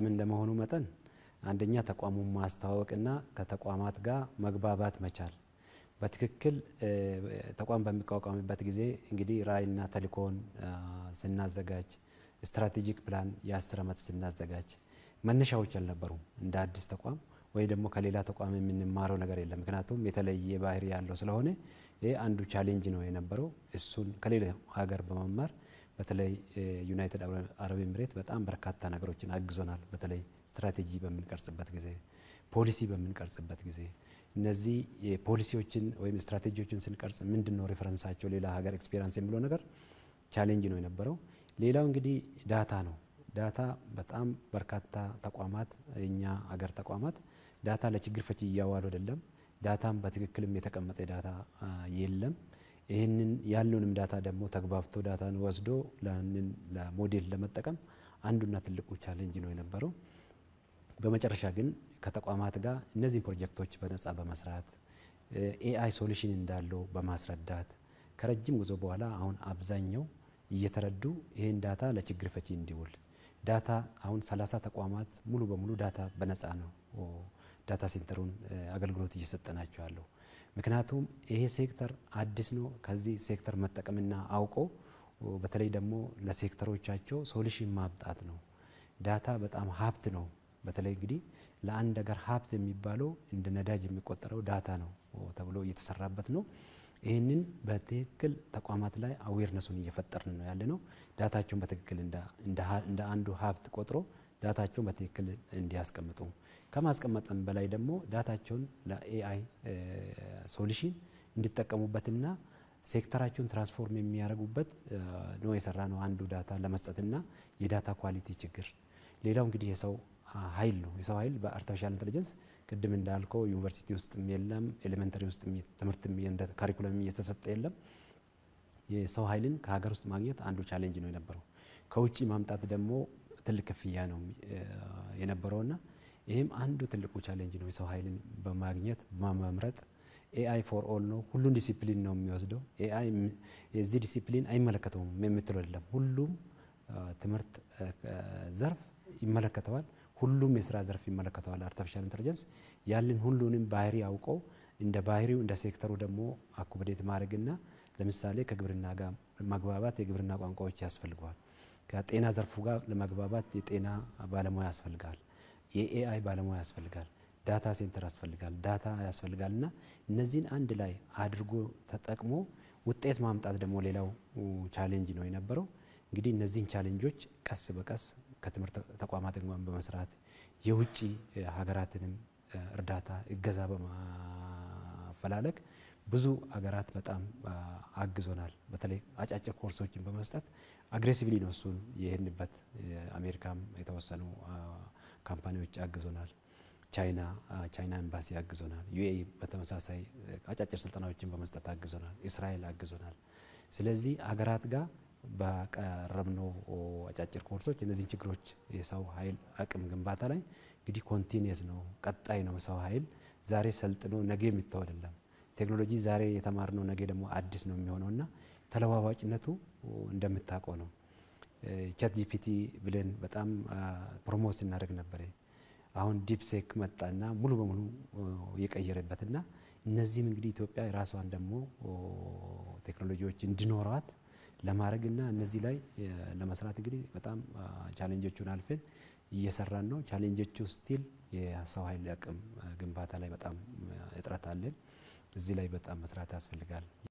ተቋም እንደመሆኑ መጠን አንደኛ ተቋሙን ማስተዋወቅና ከተቋማት ጋር መግባባት መቻል በትክክል ተቋም በሚቋቋምበት ጊዜ እንግዲህ ራዕይና ተልእኮን ስናዘጋጅ ስትራቴጂክ ፕላን የአስር ዓመት ስናዘጋጅ መነሻዎች አልነበሩም። እንደ አዲስ ተቋም ወይ ደግሞ ከሌላ ተቋም የምንማረው ነገር የለም። ምክንያቱም የተለየ ባህሪ ያለው ስለሆነ ይህ አንዱ ቻሌንጅ ነው የነበረው። እሱን ከሌላ ሀገር በመማር በተለይ ዩናይትድ አረብ ኤምሬት በጣም በርካታ ነገሮችን አግዞናል። በተለይ ስትራቴጂ በምንቀርጽበት ጊዜ፣ ፖሊሲ በምንቀርጽበት ጊዜ እነዚህ ፖሊሲዎችን ወይም ስትራቴጂዎችን ስንቀርጽ ምንድን ነው ሬፈረንሳቸው ሌላ ሀገር ኤክስፔሪንስ የሚለው ነገር ቻሌንጅ ነው የነበረው። ሌላው እንግዲህ ዳታ ነው። ዳታ በጣም በርካታ ተቋማት የእኛ ሀገር ተቋማት ዳታ ለችግር ፈቺ እያዋሉ አይደለም። ዳታም በትክክልም የተቀመጠ ዳታ የለም። ይህንን ያለውንም ዳታ ደግሞ ተግባብቶ ዳታን ወስዶ ለንን ለሞዴል ለመጠቀም አንዱና ትልቁ ቻሌንጅ ነው የነበረው። በመጨረሻ ግን ከተቋማት ጋር እነዚህን ፕሮጀክቶች በነጻ በመስራት ኤአይ ሶሉሽን እንዳለው በማስረዳት ከረጅም ጉዞ በኋላ አሁን አብዛኛው እየተረዱ ይህን ዳታ ለችግር ፈቺ እንዲውል ዳታ አሁን ሰላሳ ተቋማት ሙሉ በሙሉ ዳታ በነጻ ነው ዳታ ሴንተሩን አገልግሎት እየሰጠናቸው ያለው። ምክንያቱም ይሄ ሴክተር አዲስ ነው። ከዚህ ሴክተር መጠቀምና አውቆ በተለይ ደግሞ ለሴክተሮቻቸው ሶሉሽን ማምጣት ነው። ዳታ በጣም ሀብት ነው። በተለይ እንግዲህ ለአንድ ሀገር ሀብት የሚባለው እንደ ነዳጅ የሚቆጠረው ዳታ ነው ተብሎ እየተሰራበት ነው። ይህንን በትክክል ተቋማት ላይ አዌርነሱን እየፈጠርን ነው ያለ ነው። ዳታቸውን በትክክል እንደ አንዱ ሀብት ቆጥሮ ዳታቸውን በትክክል እንዲያስቀምጡ ከማስቀመጥም በላይ ደግሞ ዳታቸውን ለኤአይ ሶሉሽን እንዲጠቀሙበትና ሴክተራቸውን ትራንስፎርም የሚያደርጉበት ነው የሰራ ነው አንዱ ዳታ ለመስጠትና የዳታ ኳሊቲ ችግር። ሌላው እንግዲህ የሰው ኃይል ነው። የሰው ኃይል በአርቲፊሻል ኢንቴሊጀንስ ቅድም እንዳልከው ዩኒቨርሲቲ ውስጥም የለም፣ ኤሌመንተሪ ውስጥ ትምህርት ካሪኩለም እየተሰጠ የለም። የሰው ኃይልን ከሀገር ውስጥ ማግኘት አንዱ ቻሌንጅ ነው የነበረው። ከውጭ ማምጣት ደግሞ ትልቅ ክፍያ ነው የነበረውና ይህም አንዱ ትልቁ ቻሌንጅ ነው። የሰው ኃይልን በማግኘት በመምረጥ ኤአይ ፎር ኦል ነው። ሁሉን ዲሲፕሊን ነው የሚወስደው። ኤአይ የዚህ ዲሲፕሊን አይመለከተውም የምትለው የለም። ሁሉም ትምህርት ዘርፍ ይመለከተዋል። ሁሉም የስራ ዘርፍ ይመለከተዋል። አርቲፊሻል ኢንተለጀንስ ያለን ሁሉንም ባህሪ አውቀው እንደ ባህሪው እንደ ሴክተሩ ደግሞ አኩበዴት ማድረግና ለምሳሌ ከግብርና ጋር ማግባባት የግብርና ቋንቋዎች ያስፈልገዋል። ከጤና ዘርፉ ጋር ለመግባባት የጤና ባለሙያ ያስፈልጋል፣ የኤአይ ባለሙያ ያስፈልጋል፣ ዳታ ሴንተር ያስፈልጋል፣ ዳታ ያስፈልጋል እና እነዚህን አንድ ላይ አድርጎ ተጠቅሞ ውጤት ማምጣት ደግሞ ሌላው ቻሌንጅ ነው የነበረው። እንግዲህ እነዚህን ቻሌንጆች ቀስ በቀስ ከትምህርት ተቋማት እንኳን በመስራት የውጭ ሀገራትንም እርዳታ እገዛ በማፈላለግ ብዙ አገራት በጣም አግዞናል። በተለይ አጫጭር ኮርሶችን በመስጠት አግሬሲቭሊ ነው እሱን አሜሪካም የተወሰኑ ካምፓኒዎች አግዞናል። ቻይና ቻይና ኤምባሲ አግዞናል። ዩኤ በተመሳሳይ አጫጭር ስልጠናዎችን በመስጠት አግዞናል። እስራኤል አግዞናል። ስለዚህ አገራት ጋር በቀረብነው አጫጭር ኮርሶች እነዚህን ችግሮች የሰው ኃይል አቅም ግንባታ ላይ እንግዲህ ኮንቲኒየስ ነው፣ ቀጣይ ነው። ሰው ኃይል ዛሬ ሰልጥኖ ነገ የሚተው አይደለም። ቴክኖሎጂ ዛሬ የተማርነው ነገ ደግሞ አዲስ ነው የሚሆነው እና ተለዋዋጭነቱ እንደምታውቀው ነው። ቻት ጂፒቲ ብለን በጣም ፕሮሞት ስናደርግ ነበር አሁን ዲፕሴክ መጣና ሙሉ በሙሉ የቀየረበት እና እነዚህም እንግዲህ ኢትዮጵያ የራሷን ደግሞ ቴክኖሎጂዎች ለማድረግ ለማድረግና እነዚህ ላይ ለመስራት እንግዲህ በጣም ቻሌንጆቹን አልፈን እየሰራን ነው። ቻሌንጆቹ ስቲል የሰው ኃይል አቅም ግንባታ ላይ በጣም እጥረት አለን። እዚህ ላይ በጣም መስራት ያስፈልጋል።